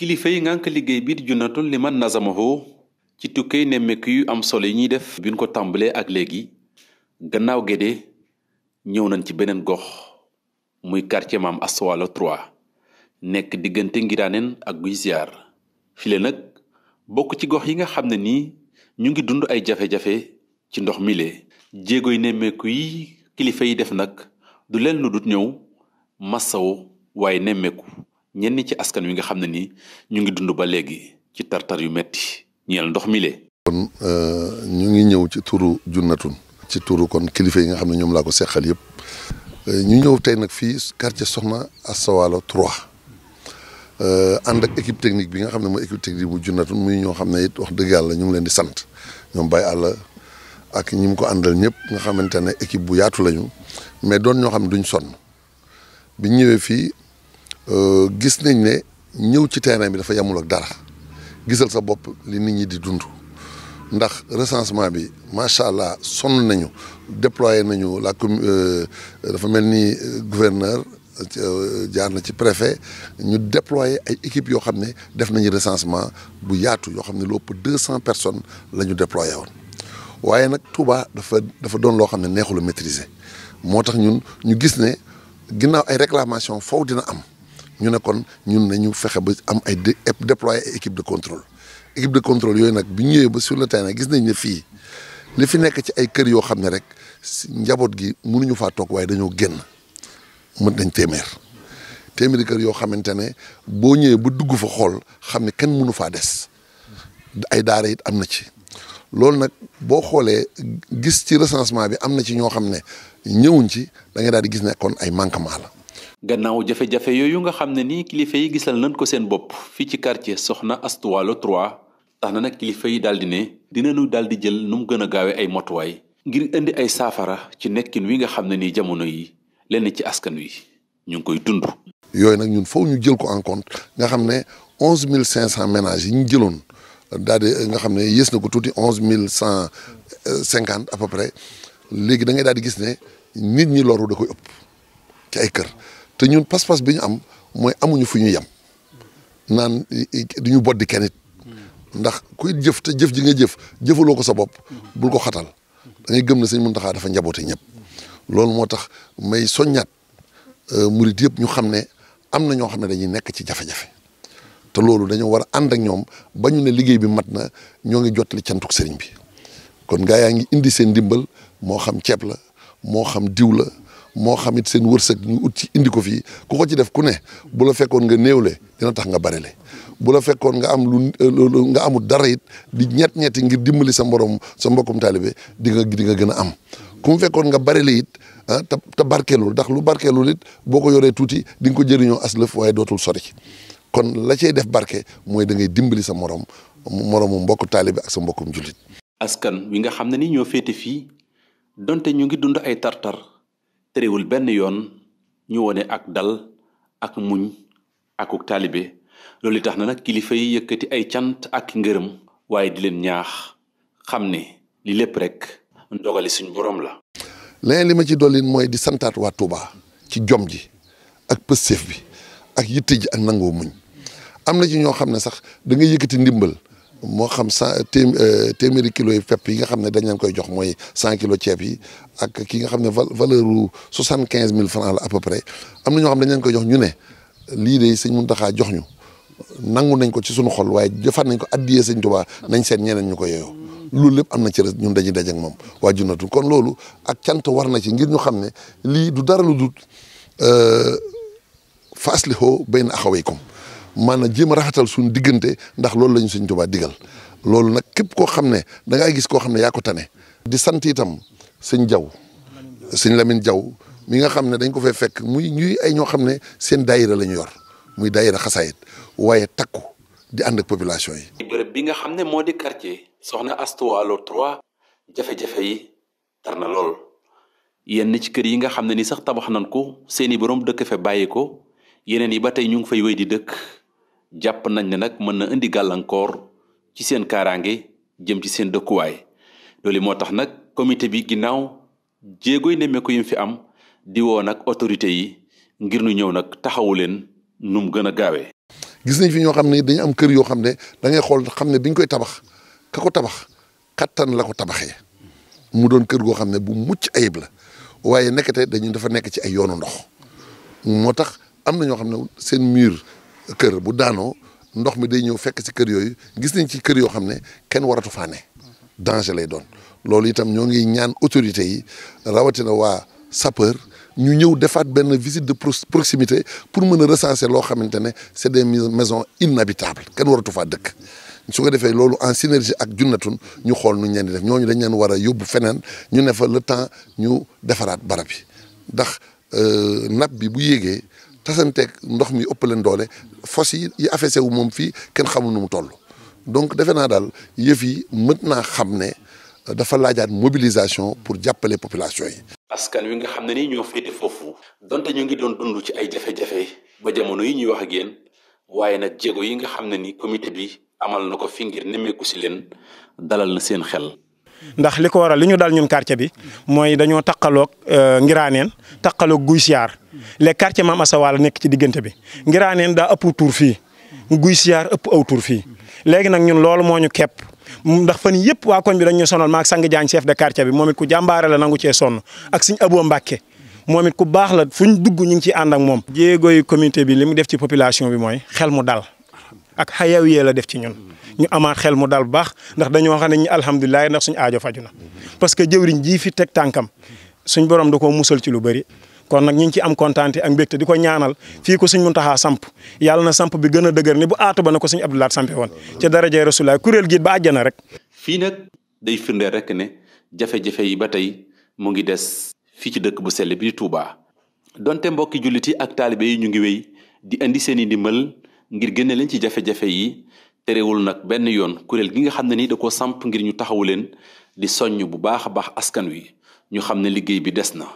kilifa yi ngànk liggéey bi di junnatul liman nazamahu ci tukkey nemmeeku yu am solo yi ñuy def bi ñu ko tàmbalee ak léegi gannaaw Guédé ñëw nañ ci beneen gox muy quartier maam Aswalo 3 nekk diggante Ngiraaneen ak Guy Ziar file nag bokk ci gox yi nga xam ne nii ñu ngi dund ay jafe-jafe ci ndox mile jéego yi nemmeeku yi kilifa yi def nag du leen lu dut ñëw massawu waaye nemmeeku ñenn ci askan wi nga xam ne ni ñu ngi dund ba léegi ci tartar yu metti ñeel ndox mi lee kon euh, ñu ngi ñëw ci turu junnatun ci turu kon kilifa yi nga xam ne ñoom laa ko seqal yëpp euh, ñu ñëw tey nag fii quartier Soxna Asta Walo 3 euh, ànd ak équipe technique bi nga xam ne mooy équipe technique bu junnatun muy ñoo xam ne it wax dëgg yàlla ñu ngi leen di sant ñoom Baye àlla ak ñi ko àndal ñëpp nga xamante ne équipe bu yaatu lañu mais doon ñoo xam ne duñ sonn bi ñëwee fii Euh, gis nañ ne ñëw ci terrain bi dafa yamul ak dara gisal sa bopp li nit ñi di dund ndax recensement bi macha allah sonn nañu déployé nañu la commune euh, dafa mel ni euh, gouverneur jaar na ci préfet ñu déployé ay équipes yoo xam ne def nañu recensement bu yaatu yoo xam ne lu ëpp deux cent personnes la ñu déployé woon waaye nag Touba dafa dafa doon loo xam ne neexul a moo tax ñun ñu gis ne ginnaaw ay réclamations foofu dina am. ñu ne kon ñun nañu fexe ba am ay dé déployer ay équipe de contrôle équipe de contrôle yooyu nag bi ñëwee ba sur le terrain gis nañ ne fii li fi nekk ci ay kër yoo xam ne rek njaboot gi munuñu faa toog waaye dañoo génn mën nañ téeméer téeméeri kër yoo xamante ne boo ñëwee ba dugg fa xool xam ne kenn mënu faa des ay daara it am na ci loolu nag boo xoolee gis ci recensement bi am na ci ñoo xam ne ñëwuñ ci da ngay daal di gis ne kon ay manquement la. gannaaw jafe-jafe yooyu nga xam ne nii kilifa yi gisal nañ ko seen bopp fii ci quartier Soxna Astou Walo tax na nag kilifa yi daal di ne dinañu daal di jël nu mu gën a gaawee ay motuwaay ngir indi ay saafara ci nekkin wi nga xam ne nii jamono yi lenn ci askan wi ñu ngi koy dund. yooyu nag ñun foofu ñu jël ko en compte nga xam ne onze mille cinq cent ménages yi ñu jëloon daal nga xam ne yées na ko tuuti onze mille cent cinquante à peu près léegi da ngay daal di gis ne nit ñi loru da koy ëpp ay kër. te ñun pas-pas bi ñu am mooy amuñu fu ñu yem naan du ñu boddi kenn it ndax kuy jëf te jëf ji nga jëf jëfaloo ko sa bopp bul ko xatal da ngay gëm ne sëñ Muntaxa dafa njaboote ñëpp loolu moo tax may soññaat euh, murit yëpp ñu xam ne am na ñoo xam ne dañuy nekk ci jafe-jafe te loolu dañoo war a ànd ak ñoom ba ne liggéey bi mat na ñoo ngi jottali cantuk sëriñ bi kon gaa yaa ngi indi seen ndimbal moo xam ceeb la moo xam diw la moo xam it seen wërsëg ñu ut ci indi ko fii ku ko ci def ku ne bu la fekkoon nga le dina tax nga le bu la fekkoon nga am lu nga amul dara it di ñett ñetti ngir dimbali sa mborom sa mbokkum taalibe di nga di nga gën a am ku mu fekkoon nga barele it ah te te barkeelul ndax lu barkeelul it boo ko yoree tuuti di ko jëriñoo as lëf waaye dootul sori kon la cay def barke mooy da ngay dimbali sa morom moromu mbokk taalibe ak sa mbokkum jullit askan wi nga xam ne ni ñoo féete fii donte ñu ngi dund ay tartar terewul benn yoon ñu wone ak dal ak muñ akuk taalibe loolu tax na nag kilifa yi yëkkati ay cant ak ngërëm waaye di leen ñaax xam ne li lépp rek ndogali suñ borom la. leneen li ma ci dolli mooy di santaat waa Touba ci jom ji ak pësteef bi ak yitte ji ak nangoo muñ am na ci ñoo xam ne sax da nga yëkkati ndimbal. moo xam cent euh, téeméeri kilos yi pepp yi nga xam ne dañ leen koy jox mooy cent kilos ceeb yi ak ki nga xam ne valeur bu soixante quinze mille francs la à peu près am na ñoo xam dañ leen koy jox ñu ne lii de mun Muntaxa jox ñu nangu nañ ko ci sunu xol waaye defaat nañ ko addiyee sëñ Tuubaa nañ seen ñeneen ñu ko yeyoo loolu lépp am na ci res ñun dañuy daje ak moom waa junnatu kon loolu ak cant war na ci ngir ñu xam ne lii du dara lu dul euh, faslihoo bayna axawaykum maanaam jéem a raxatal suñu diggante ndax loolu la ñu Sëñ Tuubaa digal loolu nag képp koo xam ne dangay gis koo xam ne yaa ko tane. di sant itam sëñ Jaw sëñ Lamine Jaw mi nga xam ne dañ ko fay fekk muy ñuy ay ñoo xam ne seen daayira la yor muy daayira xasaayit waaye takku di ànd population yi. bërëb bi nga xam ne moo di quartier soxna Astou Walo 3 jafe-jafe yi tar na lool yenn ci kër yi nga xam ne ni sax tabax nan ko seeni borom dëkk fe bàyyi ko yeneen yi ba tey ñu ngi fay wéy di dëkk. jàpp nañ ne nag mën na indi gàllankoor ci seen kaaraange jëm ci seen dëkkuwaay loolu moo tax nag commité bi ginnaaw jéegoy nemmeeku yim fi am di woo nag autorité yi ngir nu ñëw nag taxawu leen nu mu gën a gaawee. gis nañ fi ñoo xam ne dañ am kër yoo xam ne da ngay xool xam ne bi koy tabax ka tabax kattan la ko tabaxee mu doon kër goo xam ne bu mucc ayib la waaye nekkate dañu dafa nekk ci ay yoonu ndox moo tax am na ñoo xam ne seen miir kër bu daanoo ndox mi day ñëw fekk ci kër yooyu gis nañ ci kër yoo xam ne kenn waratu faa ne danger lay doon loolu itam ñoo ngi ñaan autorité yi rawatina waa sapeur ñu ñëw defaat benn visite de proximité pour mën a recenser loo xamante ne c'est des maisons inhabitables kenn waratu faa dëkk su ko defee loolu en synergie ak junnatun ñu xool nu ñeen di def ñooñu dañ leen war a yóbbu feneen ñu ne fa le temps ñu defaraat barab yi ndax euh, napp bi bu yéegee tasanteeg ndox mi ëpp leen doole fos yi yi affaissé wu moom fii kenn xamul nu mu toll donc defe naa daal yëf yi mën naa xam ne euh, dafa laajaat mobilisation pour jàppale population yi. askan wi nga xam ne ni ñoo féete foofu. donte ñu ngi doon dund ci ay jafe-jafe ba jamono yi ñuy wax ak yéen waaye nag jéego yi nga xam ne ni comité bi amal na ko fi ngir nemmeeku si leen dalal na seen xel. ndax li ko waral li ñu dal ñun quartier bi mooy dañoo taqaloog euh, Ngiraaneen taqaloog Guy Siyaar les quartier Maam Assa Walo nekk ci diggante bi Ngiraaneen daa ëpp tur fii Guy Siyaar ëpp aw tur fii léegi nag ñun loolu moo ñu kepp ndax fan yëpp waa koñ bi dañ ñu sonal maak sang jaañ chef de quartier bi moom it ku jàmbaare la nangu cee sonn ak suñ Aboo Mbàkke moom it ku baax la fu ñu dugg ñu ngi ciy ànd ak moom. jéego yi comité bi li mu def ci population bi mooy xel mu dal. ak xayawiyee la def ci ñun mm-hmm. ñu amaat xel mu daal bu baax ndax dañoo xam ne ñu alhamdulilah ndax suñu aajo faju na mm-hmm. parce que jëwriñ jii fi teg tànkam mm-hmm. suñ borom da koo musal ci lu bëri kon nag ñu ngi ciy am kontaante ak mbégte di ko ñaanal fii ko suñ Muntaxa samp yàlla na samp bi gën a dëgër ni bu aatu ba na ko suñ Abdou Lahad sampe woon ca darajee Rasulaay kuréel gi ba àjjana rek fii nag day firndeel rek ne jafe-jafe yi ba tey mu ngi des fii ci dëkk bu sell bi donte mbokki jullit yi ak taalibe yi ñu ngi wéy di indi seen i ndimbal ngir génne leen ci jafe-jafe yi terewul nag benn yoon kuréel gi nga xam ne ni da koo samp ngir ñu taxawu leen di soññ bu baax a baax askan wi ñu xam ne liggéey bi des na